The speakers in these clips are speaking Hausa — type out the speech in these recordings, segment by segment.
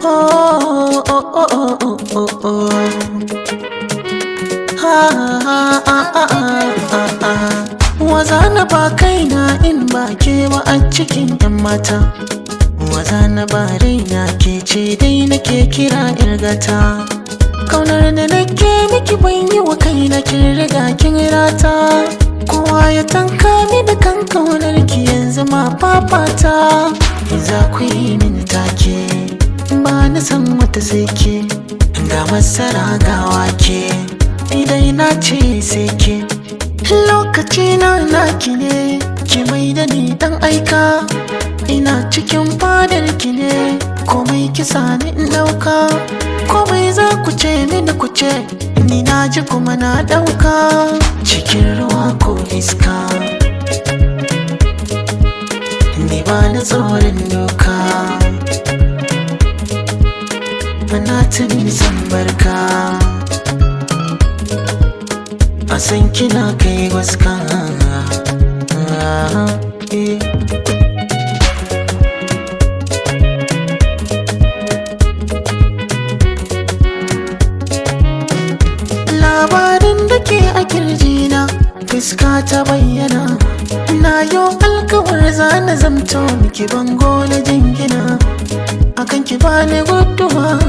Wazana Waza ba kaina in ba kewa ba a cikin 'yan mata. Waza na ba raina ke ce dai nake kira irgata. Kaunar da nake miki ban yi wa kaina kin riga kin rata. Kowa ya tanka da. na san wata sai ke ga masara ga wake idai na ce sai ke lokaci na naki ne ki mai da ni dan aika ina cikin fadar ki ne komai ki sani in dauka komai za ku ce mini ku ce ni na ji kuma na dauka cikin ruwa ko iska ni ba na tsoro na tuni barka a san kina kai waska labarin da ke a kirjina fuska ta bayyana na yo alkawar zana zamto miki bango na jingina akan ki bani guduwa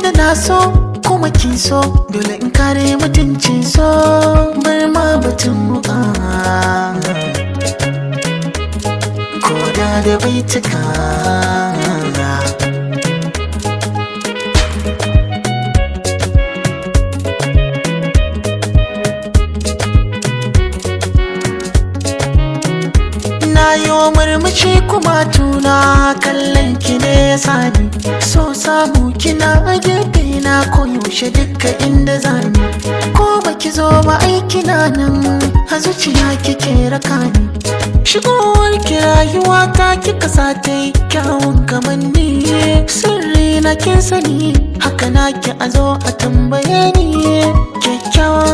da na so kuma kin so dole in kare mutuncin so bar ma batun mu'a koda da bai cika Na yi wa murmushi kuma tuna kallon ki ne ya na a gefe na koyaushe duka inda zani ko baki zo ba aiki na nan a zuciya kike raka ni shigowar ki rayuwa ta kika sa ta yi kyawun kamanni sirri na kin sani haka na ki a zo a tambaye ni kyakkyawa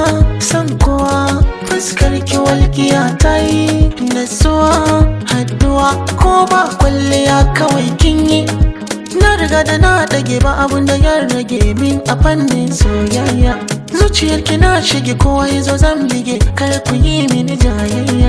san kowa fuskar ki walƙiya ta yi nasuwa haduwa ko ba kwalliya kawai kin yi riga da na dage ba abun da ya rage min a fannin soyayya zuciyarki na shige kowa ya zo zan bige kar ku yi mini jayayya